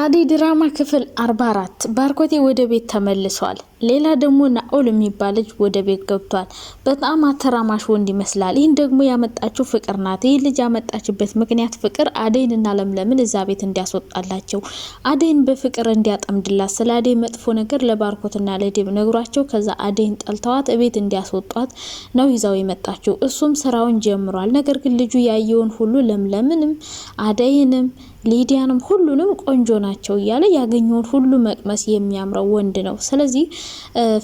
አደይ ድራማ ክፍል 44 ባርኮቴ ወደ ቤት ተመልሷል። ሌላ ደግሞ ናኦል የሚባል ልጅ ወደ ቤት ገብቷል። በጣም አተራማሽ ወንድ ይመስላል። ይህን ደግሞ ያመጣችው ፍቅር ናት። ይህ ልጅ ያመጣችበት ምክንያት ፍቅር አደይንና ለምለምን እዛ ቤት እንዲያስወጣላቸው አደይን በፍቅር እንዲያጠምድላት ስለ አደይ መጥፎ ነገር ለባርኮትና ለዴብ ነግሯቸው ከዛ አደይን ጠልተዋት እቤት እንዲያስወጧት ነው ይዛው የመጣችው። እሱም ስራውን ጀምሯል። ነገር ግን ልጁ ያየውን ሁሉ ለምለምንም አደይንም ሊዲያንም ሁሉንም ቆንጆ ናቸው እያለ ያገኘውን ሁሉ መቅመስ የሚያምረው ወንድ ነው። ስለዚህ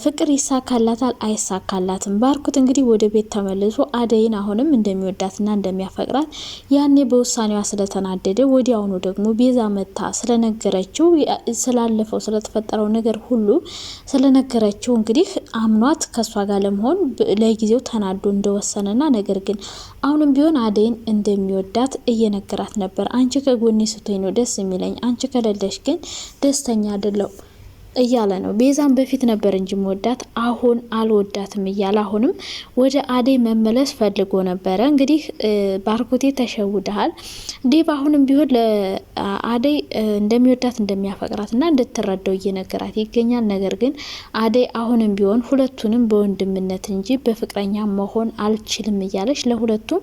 ፍቅር ይሳካላታል አይሳካላትም? ባርኩት እንግዲህ ወደ ቤት ተመልሶ አደይን አሁንም እንደሚወዳትና እንደሚያፈቅራት ያኔ በውሳኔዋ ስለተናደደ ወዲያውኑ ደግሞ ቤዛ መታ ስለነገረችው ስላለፈው ስለተፈጠረው ነገር ሁሉ ስለነገረችው እንግዲህ አምኗት ከእሷ ጋር ለመሆን ለጊዜው ተናዶ እንደወሰነና ነገር ግን አሁንም ቢሆን አደይን እንደሚወዳት እየነገራት ነበር። አንቺ ከጎኔ ስቶኝ ነው ደስ የሚለኝ፣ አንቺ ከሌለሽ ግን ደስተኛ አይደለሁም እያለ ነው። ቤዛን በፊት ነበር እንጂ መወዳት አሁን አልወዳትም እያለ አሁንም ወደ አዴ መመለስ ፈልጎ ነበረ። እንግዲህ ባርኮቴ ተሸውደሃል። ዴቭ አሁንም ቢሆን ለአዴ እንደሚወዳት እንደሚያፈቅራትና እንድትረዳው እየነገራት ይገኛል። ነገር ግን አደይ አሁንም ቢሆን ሁለቱንም በወንድምነት እንጂ በፍቅረኛ መሆን አልችልም እያለች ለሁለቱም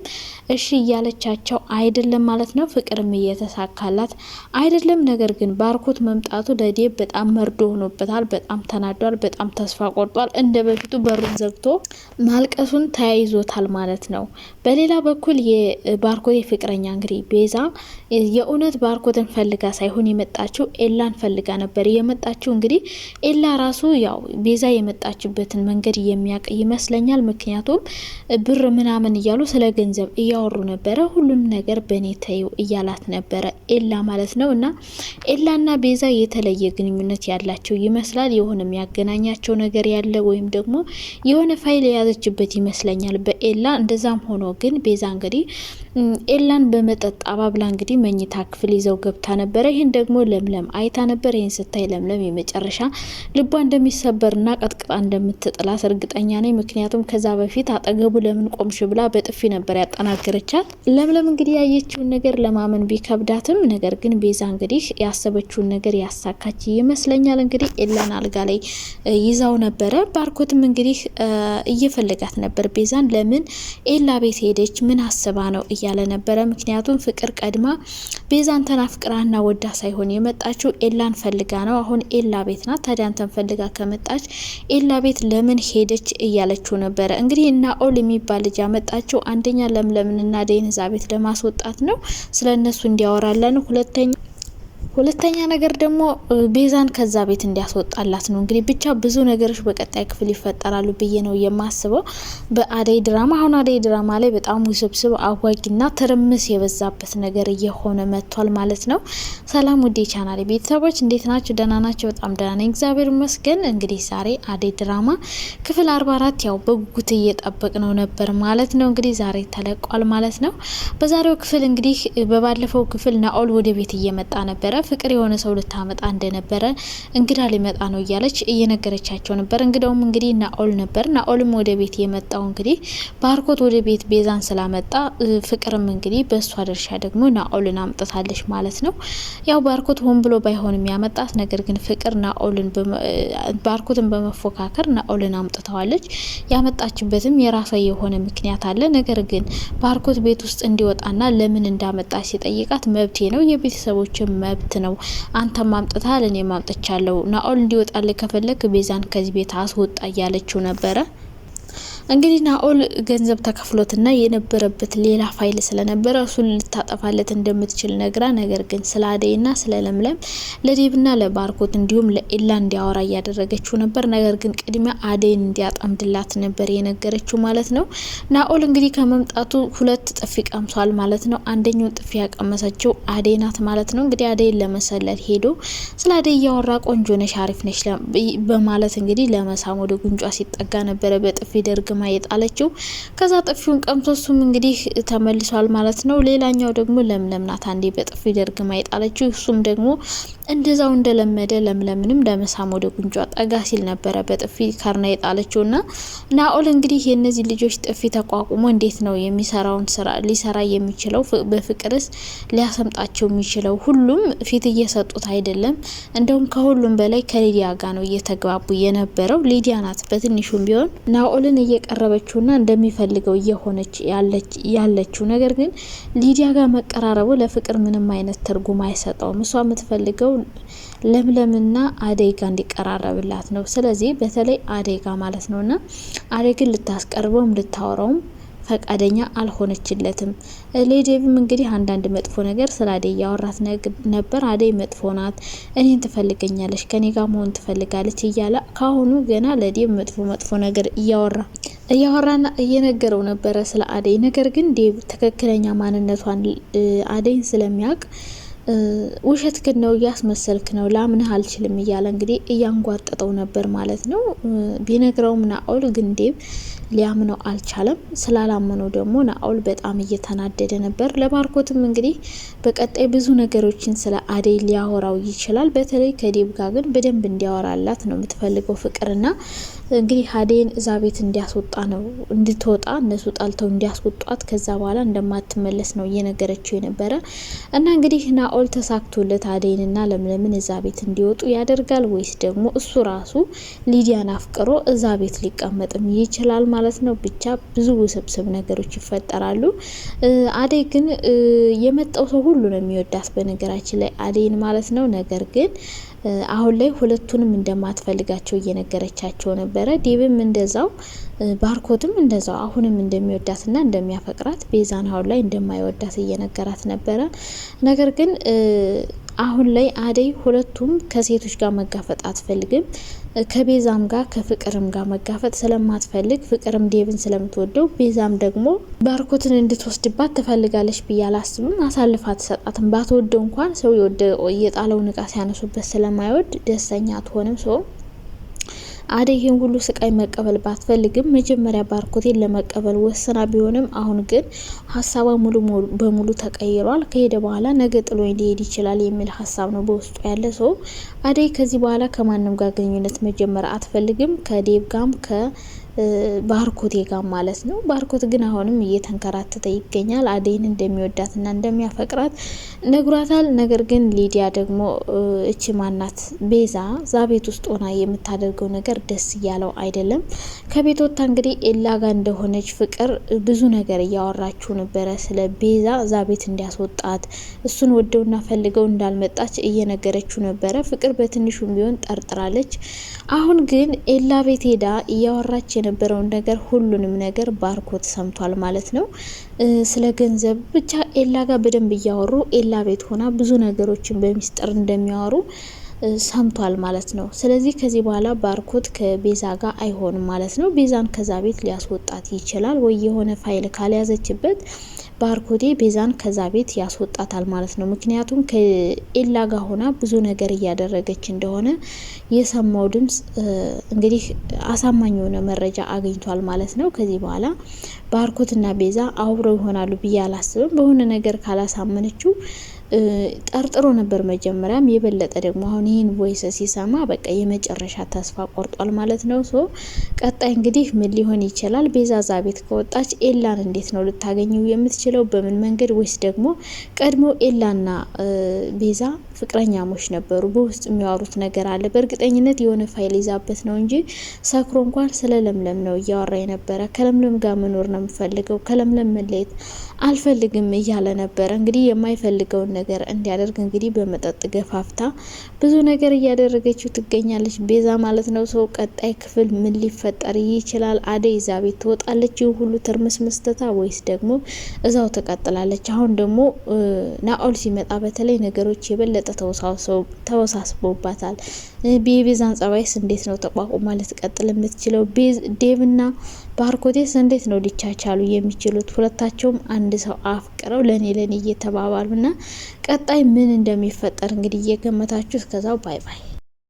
እሺ እያለቻቸው አይደለም ማለት ነው። ፍቅርም እየተሳካላት አይደለም። ነገር ግን ባርኮት መምጣቱ ለዴቭ በጣም መርዶ ነው። ሆኖበታል። በጣም ተናዷል። በጣም ተስፋ ቆርጧል። እንደ በፊቱ በሩን ዘግቶ ማልቀሱን ተያይዞታል ማለት ነው። በሌላ በኩል የባርኮት የፍቅረኛ እንግዲህ ቤዛ የእውነት ባርኮትን ፈልጋ ሳይሆን የመጣችው ኤላን ፈልጋ ነበር የመጣችው። እንግዲህ ኤላ ራሱ ያው ቤዛ የመጣችበትን መንገድ የሚያውቅ ይመስለኛል። ምክንያቱም ብር ምናምን እያሉ ስለ ገንዘብ እያወሩ ነበረ። ሁሉም ነገር በእኔ ተይው እያላት ነበረ ኤላ ማለት ነው። እና ኤላና ቤዛ የተለየ ግንኙነት ያላቸው ያገናኛቸው ይመስላል። የሆነ የሚያገናኛቸው ነገር ያለ ወይም ደግሞ የሆነ ፋይል የያዘችበት ይመስለኛል በኤላ። እንደዛም ሆኖ ግን ቤዛ እንግዲህ ኤላን በመጠጥ አባብላ እንግዲህ መኝታ ክፍል ይዘው ገብታ ነበረ። ይህን ደግሞ ለምለም አይታ ነበር። ይህን ስታይ ለምለም የመጨረሻ ልቧ እንደሚሰበርና ቀጥቅጣ እንደምትጥላት እርግጠኛ ነኝ። ምክንያቱም ከዛ በፊት አጠገቡ ለምን ቆምሽ ብላ በጥፊ ነበር ያጠናገረቻት። ለምለም እንግዲህ ያየችውን ነገር ለማመን ቢከብዳትም ነገር ግን ቤዛ እንግዲህ ያሰበችውን ነገር ያሳካች ይመስለኛል። እንግዲህ ኤላን አልጋ ላይ ይዛው ነበረ። ባርኮትም እንግዲህ እየፈለጋት ነበር ቤዛን ለምን ኤላ ቤት ሄደች፣ ምን አስባ ነው እያለ ነበረ። ምክንያቱም ፍቅር ቀድማ ቤዛን ተናፍቅራና ወዳ ሳይሆን የመጣችው ኤላን ፈልጋ ነው። አሁን ኤላ ቤት ናት። ታዲያ አንተን ፈልጋ ከመጣች ኤላ ቤት ለምን ሄደች እያለችው ነበረ። እንግዲህ እና ኦል የሚባል ልጅ ያመጣችው አንደኛ ለምለምንና ደይን እዛ ቤት ለማስወጣት ነው፣ ስለ እነሱ እንዲያወራለን ሁለተኛ ሁለተኛ ነገር ደግሞ ቤዛን ከዛ ቤት እንዲያስወጣላት ነው። እንግዲህ ብቻ ብዙ ነገሮች በቀጣይ ክፍል ይፈጠራሉ ብዬ ነው የማስበው በአደይ ድራማ። አሁን አደይ ድራማ ላይ በጣም ውስብስብ አጓጊና ትርምስ የበዛበት ነገር እየሆነ መጥቷል ማለት ነው። ሰላም ውዴ ቻናል ቤተሰቦች እንዴት ናቸው? ደህና ናቸው? በጣም ደህና ነኝ እግዚአብሔር ይመስገን። እንግዲህ ዛሬ አደይ ድራማ ክፍል አርባ አራት ያው በጉጉት እየጠበቅ ነው ነበር ማለት ነው። እንግዲህ ዛሬ ተለቋል ማለት ነው። በዛሬው ክፍል እንግዲህ በባለፈው ክፍል ናኦል ወደ ቤት እየመጣ ነበረ ፍቅር የሆነ ሰው ልታመጣ እንደነበረ እንግዳ ሊመጣ ነው እያለች እየነገረቻቸው ነበር። እንግዳውም እንግዲህ ናኦል ነበር። ናኦልም ወደ ቤት የመጣው እንግዲህ ባርኮት ወደ ቤት ቤዛን ስላመጣ ፍቅርም እንግዲህ በእሷ ድርሻ ደግሞ ናኦልን አምጥታለች ማለት ነው። ያው ባርኮት ሆን ብሎ ባይሆንም ያመጣት፣ ነገር ግን ፍቅር ናኦልን ባርኮትን በመፎካከር ናኦልን አምጥተዋለች። ያመጣችበትም የራሷ የሆነ ምክንያት አለ። ነገር ግን ባርኮት ቤት ውስጥ እንዲወጣና ለምን እንዳመጣ ሲጠይቃት መብቴ ነው የቤተሰቦችን መብት ማለት ነው። አንተ አምጥታል እኔ አምጥቻለሁ። ናኦል እንዲወጣልህ ከፈለግ ቤዛን ከዚህ ቤት አስወጣ እያለችው ነበረ። እንግዲህ ናኦል ገንዘብ ተከፍሎትና የነበረበት ሌላ ፋይል ስለነበረ እሱን ልታጠፋለት እንደምትችል ነግራ፣ ነገር ግን ስለ አደይና ስለ ለምለም ለዴብና ለባርኮት እንዲሁም ለኤላ እንዲያወራ እያደረገችው ነበር። ነገር ግን ቅድሚያ አደይን እንዲያጠምድላት ነበር የነገረችው ማለት ነው። ናኦል እንግዲህ ከመምጣቱ ሁለት ጥፊ ቀምሷል ማለት ነው። አንደኛውን ጥፊ ያቀመሰችው አደይ ናት ማለት ነው። እንግዲህ አደይን ለመሰለል ሄዶ ስለ አደይ እያወራ ቆንጆ ነሽ፣ አሪፍ ነሽ በማለት እንግዲህ ለመሳም ወደ ጉንጯ ሲጠጋ ነበረ በጥፊ ደርግ ደጋግማ የጣለችው። ከዛ ጥፊውን ቀምቶ እሱም እንግዲህ ተመልሷል ማለት ነው። ሌላኛው ደግሞ ለምለም ናት። አንዴ በጥፊ ደርግማ የጣለችው፣ እሱም ደግሞ እንደዛው እንደለመደ ለምለምንም ለመሳም ወደ ጉንጯ ጠጋ ሲል ነበረ በጥፊ ከርና የጣለችው ና ናኦል እንግዲህ የእነዚህ ልጆች ጥፊ ተቋቁሞ እንዴት ነው የሚሰራውን ስራ ሊሰራ የሚችለው በፍቅርስ ሊያሰምጣቸው የሚችለው ሁሉም ፊት እየሰጡት አይደለም። እንደውም ከሁሉም በላይ ከሊዲያ ጋር ነው እየተግባቡ የነበረው። ሊዲያ ናት በትንሹም ቢሆን ናኦልን እየ እየቀረበችውና እንደሚፈልገው እየሆነች ያለችው ነገር ግን ሊዲያ ጋር መቀራረቡ ለፍቅር ምንም አይነት ትርጉም አይሰጠውም። እሷ የምትፈልገው ለምለምና አደይ ጋ እንዲቀራረብላት ነው። ስለዚህ በተለይ አደይ ጋ ማለት ነውና አደይ ግን ልታስቀርበውም ልታወራውም ፈቃደኛ አልሆነችለትም። ለዴብም እንግዲህ አንዳንድ መጥፎ ነገር ስለ አደይ እያወራት ነበር። አደይ መጥፎ ናት፣ እኔን ትፈልገኛለች፣ ከኔ ጋር መሆን ትፈልጋለች እያለ ካሁኑ ገና ለዴብ መጥፎ መጥፎ ነገር እያወራ እያወራና እየነገረው ነበረ ስለ አደይ። ነገር ግን ዴብ ትክክለኛ ማንነቷን አደይን ስለሚያውቅ ክን ነው እያስመሰልክ ነው ላምንህ አልችልም እያለ እንግዲህ እያንጓጠጠው ነበር ማለት ነው። ቢነግረውም ናኦል ግን ዴብ ሊያምነው አልቻለም። ስላላመነው ደግሞ ናኦል በጣም እየተናደደ ነበር። ለባርኮትም እንግዲህ በቀጣይ ብዙ ነገሮችን ስለ አደይ ሊያወራው ይችላል። በተለይ ከዴብ ጋር ግን በደንብ እንዲያወራላት ነው የምትፈልገው ፍቅርና እንግዲህ አደይን እዛ ቤት እንዲያስወጣ ነው እንድትወጣ እነሱ ጣልተው እንዲያስወጧት ከዛ በኋላ እንደማትመለስ ነው እየነገረችው የነበረ እና እንግዲህ ናኦል ተሳክቶለት አደይንና ለምለምን እዛ ቤት እንዲወጡ ያደርጋል ወይስ ደግሞ እሱ ራሱ ሊዲያን አፍቅሮ እዛ ቤት ሊቀመጥም ይችላል ማለት ነው። ብቻ ብዙ ውስብስብ ነገሮች ይፈጠራሉ። አደይ ግን የመጣው ሰው ሁሉ ነው የሚወዳት በነገራችን ላይ አደይን ማለት ነው ነገር ግን አሁን ላይ ሁለቱንም እንደማትፈልጋቸው እየነገረቻቸው ነበረ። ዴብም እንደዛው፣ ባርኮትም እንደዛው አሁንም እንደሚወዳትና እንደሚያፈቅራት ቤዛን አሁን ላይ እንደማይወዳት እየነገራት ነበረ። ነገር ግን አሁን ላይ አደይ ሁለቱም ከሴቶች ጋር መጋፈጥ አትፈልግም። ከቤዛም ጋር ከፍቅርም ጋር መጋፈጥ ስለማትፈልግ ፍቅርም ዴብን ስለምትወደው ቤዛም ደግሞ ባርኮትን እንድትወስድባት ትፈልጋለች ብዬ አላስብም። አሳልፋ ትሰጣትም ባትወደው እንኳን ሰው የወደ የጣለውን እቃ ሲያነሱበት ስለማይወድ ደስተኛ አትሆንም ሰው አደይ ይህን ሁሉ ስቃይ መቀበል ባትፈልግም መጀመሪያ ባርኮቴን ለመቀበል ወስና ቢሆንም አሁን ግን ሀሳቧ ሙሉ በሙሉ ተቀይሯል። ከሄደ በኋላ ነገ ጥሎ ሊሄድ ይችላል የሚል ሀሳብ ነው በውስጡ ያለ ሰው። አደይ ከዚህ በኋላ ከማንም ጋር ግንኙነት መጀመር አትፈልግም ከዴብ ጋም ከ ባርኮቴ ጋር ማለት ነው። ባርኮት ግን አሁንም እየተንከራተተ ይገኛል። አደይን እንደሚወዳትና እንደሚያፈቅራት ነግሯታል። ነገር ግን ሊዲያ ደግሞ እቺ ማናት ቤዛ ዛ ቤት ውስጥ ሆና የምታደርገው ነገር ደስ እያለው አይደለም። ከቤት ወጥታ እንግዲህ ኤላ ጋር እንደሆነች ፍቅር ብዙ ነገር እያወራችው ነበረ። ስለ ቤዛ ዛ ቤት እንዲያስወጣት እሱን ወደውና ፈልገው እንዳልመጣች እየነገረችው ነበረ። ፍቅር በትንሹም ቢሆን ጠርጥራለች። አሁን ግን ኤላ ቤት ሄዳ እያወራች የነበረውን ነገር ሁሉንም ነገር ባርኮት ሰምቷል ማለት ነው። ስለ ገንዘብ ብቻ ኤላ ጋር በደንብ እያወሩ ኤላ ቤት ሆና ብዙ ነገሮችን በሚስጥር እንደሚያወሩ ሰምቷል ማለት ነው። ስለዚህ ከዚህ በኋላ ባርኮት ከቤዛ ጋር አይሆንም ማለት ነው። ቤዛን ከዛ ቤት ሊያስወጣት ይችላል ወይ የሆነ ፋይል ካልያዘችበት ባርኮቴ ቤዛን ከዛ ቤት ያስወጣታል ማለት ነው። ምክንያቱም ከኤላ ጋር ሆና ብዙ ነገር እያደረገች እንደሆነ የሰማው ድምፅ እንግዲህ አሳማኝ የሆነ መረጃ አግኝቷል ማለት ነው። ከዚህ በኋላ ባርኮትና ቤዛ አብረው ይሆናሉ ብዬ አላስብም። በሆነ ነገር ካላሳመነችው ጠርጥሮ ነበር መጀመሪያም። የበለጠ ደግሞ አሁን ይህን ቮይስ ሲሰማ በቃ የመጨረሻ ተስፋ ቆርጧል ማለት ነው። ሶ ቀጣይ እንግዲህ ምን ሊሆን ይችላል? ቤዛዛ ቤት ከወጣች ኤላን እንዴት ነው ልታገኘው የምትችለው? በምን መንገድ? ወይስ ደግሞ ቀድሞ ኤላና ቤዛ ፍቅረኛሞች ነበሩ፣ በውስጥ የሚያወሩት ነገር አለ። በእርግጠኝነት የሆነ ፋይል ይዛበት ነው እንጂ ሰክሮ እንኳን ስለ ለምለም ነው እያወራ የነበረ። ከለምለም ጋር መኖር ነው የምፈልገው፣ ከለምለም መለየት አልፈልግም እያለ ነበር። እንግዲህ የማይፈልገውን ነገር እንዲያደርግ እንግዲህ በመጠጥ ገፋፍታ ብዙ ነገር እያደረገችው ትገኛለች ቤዛ ማለት ነው። ሰው ቀጣይ ክፍል ምን ሊፈጠር ይችላል? አደይ እዛ ቤት ትወጣለች ሁሉ ትርምስምስተታ፣ ወይስ ደግሞ እዛው ትቀጥላለች? አሁን ደግሞ ናኦል ሲመጣ በተለይ ነገሮች የበለጠ ተወሳስቦባታል። የቤዛን ጸባይስ እንዴት ነው ተቋቁማ ልትቀጥል የምትችለው? ዴቭና ባርኮቴስ እንዴት ነው ሊቻቻሉ የሚችሉት? ሁለታቸውም አንድ አንድ ሰው አፍቅረው ለእኔ ለእኔ እየተባባሉ እና ቀጣይ ምን እንደሚፈጠር እንግዲህ እየገመታችሁ እስከዛው ባይ ባይ።